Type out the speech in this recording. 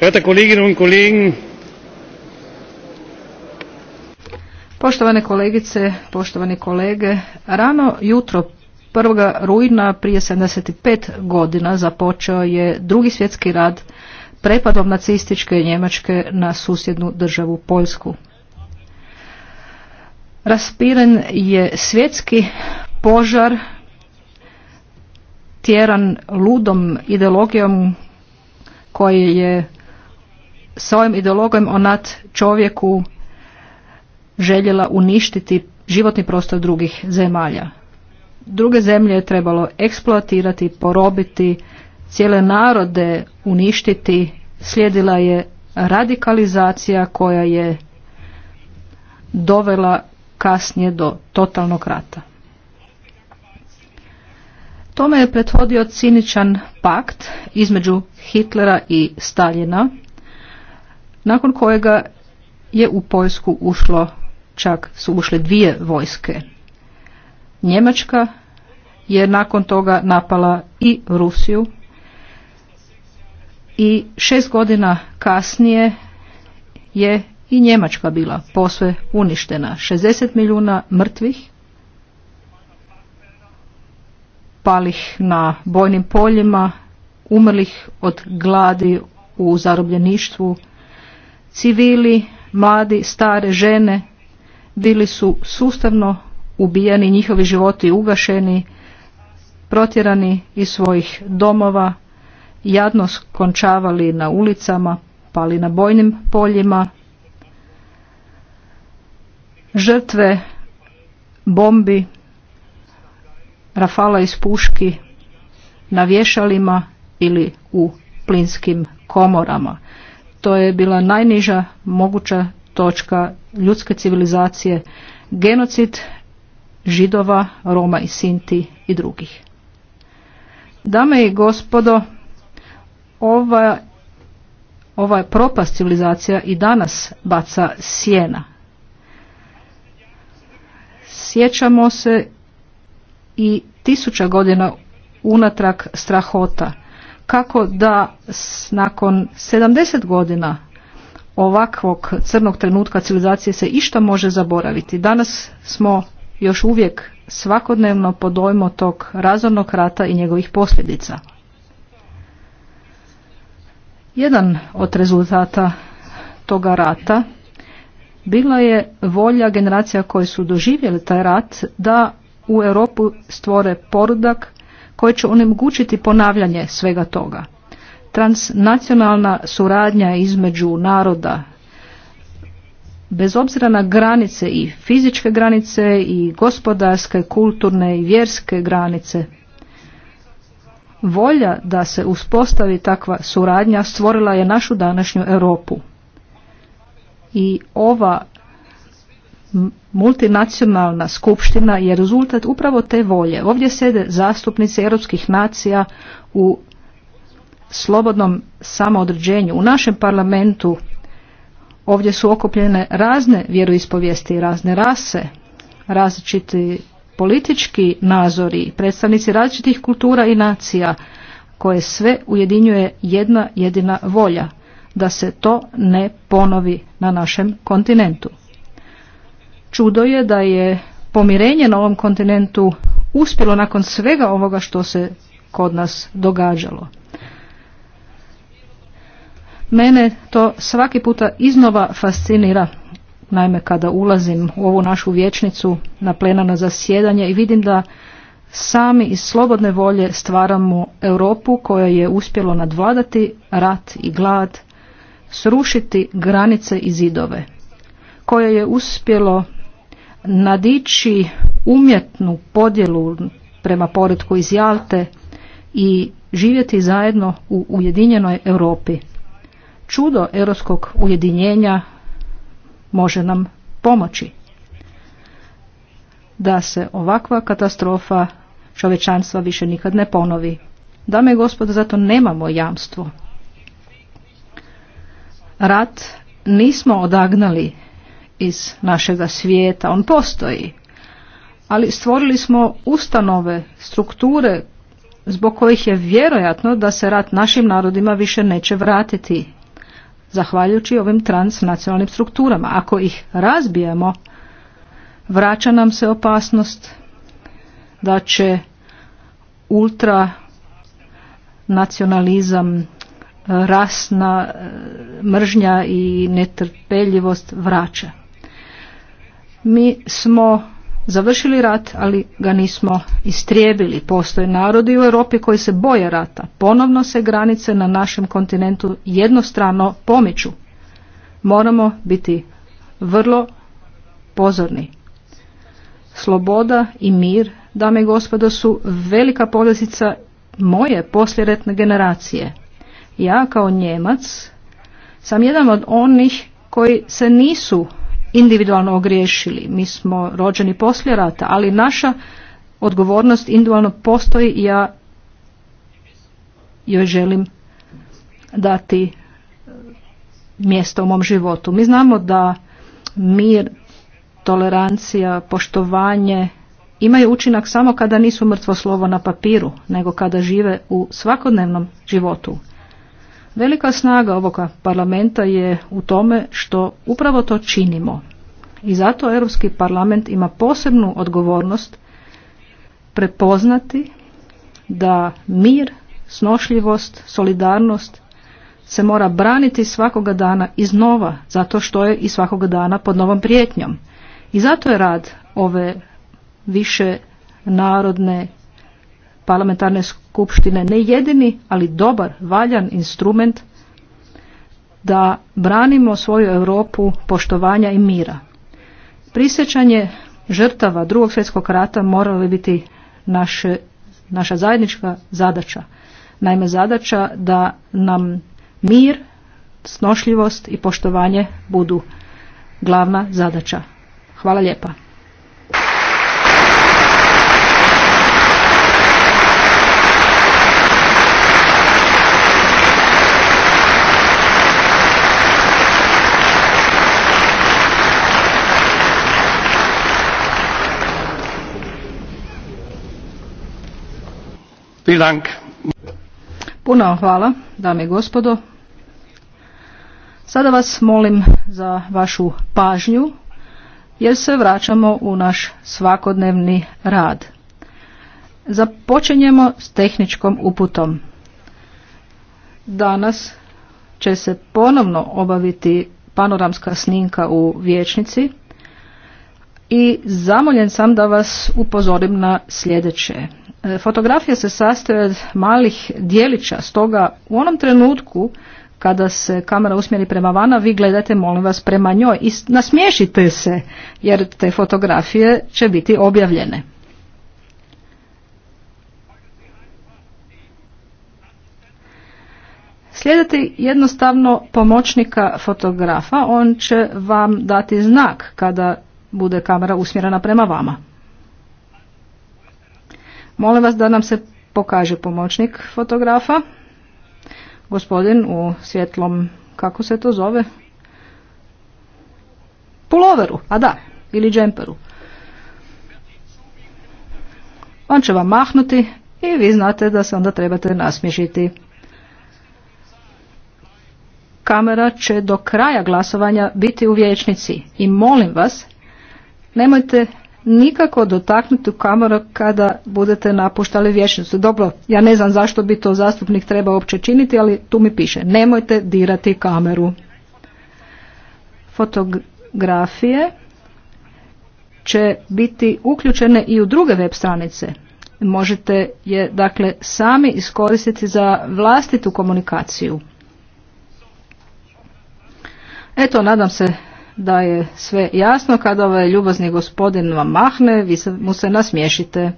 verehrte Poštovane kolegice, poštovani kolege, rano jutro 1. rujna prije 75 godina započeo je drugi svjetski rad prepadom nacističke Njemačke na susjednu državu Poljsku. Raspiren je svjetski požar tjeran ludom ideologijom koje je sa ovim ideologom o čovjeku željela uništiti životni prostor drugih zemalja. Druge zemlje je trebalo eksploatirati, porobiti, cijele narode uništiti. Slijedila je radikalizacija koja je dovela kasnije do totalnog rata. Tome je prethodio ciničan pakt između Hitlera i Staljina nakon kojega je u Poljsku ušlo čak su ušle dvije vojske. Njemačka je nakon toga napala i Rusiju i šest godina kasnije je i Njemačka bila posve uništena. 60 milijuna mrtvih palih na bojnim poljima, umrlih od gladi u zarobljeništvu, Civili, mladi, stare, žene bili su sustavno ubijani, njihovi životi ugašeni, protjerani iz svojih domova, jadno skončavali na ulicama, pali na bojnim poljima. Žrtve bombi, rafala iz puški na vješalima ili u plinskim komorama to je bila najniža moguća točka ljudske civilizacije, genocid židova, Roma i Sinti i drugih. Dame i gospodo, ova, ova propast civilizacija i danas baca sjena. Sjećamo se i tisuća godina unatrag strahota – kako da nakon 70 godina ovakvog crnog trenutka civilizacije se išta može zaboraviti. Danas smo još uvijek svakodnevno pod tog razornog rata i njegovih posljedica. Jedan od rezultata toga rata bila je volja generacija koje su doživjeli taj rat da u Europu stvore porudak koje će onemogućiti ponavljanje svega toga. Transnacionalna suradnja između naroda bez obzira na granice i fizičke granice i gospodarske, kulturne i vjerske granice. Volja da se uspostavi takva suradnja stvorila je našu današnju Europu. I ova multinacionalna skupština je rezultat upravo te volje. Ovdje sede zastupnici europskih nacija u slobodnom samoodređenju. U našem parlamentu ovdje su okupljene razne vjeroispovijesti, razne rase, različiti politički nazori, predstavnici različitih kultura i nacija koje sve ujedinjuje jedna jedina volja da se to ne ponovi na našem kontinentu. Čudo je da je pomirenje na ovom kontinentu uspjelo nakon svega ovoga što se kod nas događalo. Mene to svaki puta iznova fascinira. Naime, kada ulazim u ovu našu vječnicu na plenarno zasjedanje i vidim da sami iz slobodne volje stvaramo Europu koja je uspjelo nadvladati rat i glad, srušiti granice i zidove, koja je uspjelo nadići umjetnu podjelu prema poredku iz Jalte i živjeti zajedno u ujedinjenoj Europi. Čudo europskog ujedinjenja može nam pomoći da se ovakva katastrofa čovečanstva više nikad ne ponovi. Dame i gospodo, zato nemamo jamstvo. Rat nismo odagnali iz našega svijeta, on postoji. Ali stvorili smo ustanove, strukture zbog kojih je vjerojatno da se rat našim narodima više neće vratiti zahvaljujući ovim transnacionalnim strukturama. Ako ih razbijemo, vraća nam se opasnost da će ultra nacionalizam, e, rasna e, mržnja i netrpeljivost vraća. Mi smo završili rat, ali ga nismo istrijebili. Postoje narodi u Europi koji se boje rata. Ponovno se granice na našem kontinentu jednostrano pomiču. Moramo biti vrlo pozorni. Sloboda i mir, dame i gospodo, su velika povezica moje posljeretne generacije. Ja kao Njemac sam jedan od onih koji se nisu individualno ogriješili. Mi smo rođeni poslije rata, ali naša odgovornost individualno postoji i ja joj želim dati mjesto u mom životu. Mi znamo da mir, tolerancija, poštovanje imaju učinak samo kada nisu mrtvo slovo na papiru, nego kada žive u svakodnevnom životu. Velika snaga ovoga parlamenta je u tome što upravo to činimo. I zato Europski parlament ima posebnu odgovornost prepoznati da mir, snošljivost, solidarnost se mora braniti svakoga dana iznova, zato što je i svakoga dana pod novom prijetnjom. I zato je rad ove više narodne parlamentarne skupštine ne jedini, ali dobar, valjan instrument da branimo svoju Europu poštovanja i mira. Prisjećanje žrtava drugog svjetskog rata moralo bi biti naše, naša zajednička zadaća. Naime, zadaća da nam mir, snošljivost i poštovanje budu glavna zadaća. Hvala lijepa. Puno hvala, dame i gospodo. Sada vas molim za vašu pažnju jer se vraćamo u naš svakodnevni rad. Započinjemo s tehničkom uputom. Danas će se ponovno obaviti panoramska snimka u vječnici i zamoljen sam da vas upozorim na sljedeće. E, fotografija se sastoji od malih dijelića, stoga u onom trenutku kada se kamera usmjeri prema vama, vi gledate, molim vas, prema njoj i nasmiješite se, jer te fotografije će biti objavljene. Slijedite jednostavno pomoćnika fotografa, on će vam dati znak kada bude kamera usmjerena prema vama. Molim vas da nam se pokaže pomoćnik fotografa. Gospodin u svjetlom, kako se to zove? Puloveru, a da, ili džemperu. On će vam mahnuti i vi znate da se onda trebate nasmiješiti. Kamera će do kraja glasovanja biti u vječnici i molim vas, nemojte nikako dotaknuti u kameru kada budete napuštali vječnicu. Dobro, ja ne znam zašto bi to zastupnik treba uopće činiti, ali tu mi piše, nemojte dirati kameru. Fotografije će biti uključene i u druge web stranice. Možete je dakle sami iskoristiti za vlastitu komunikaciju. Eto, nadam se da je sve jasno, kad ovaj ljubazni gospodin vam mahne, vi mu se nasmiješite.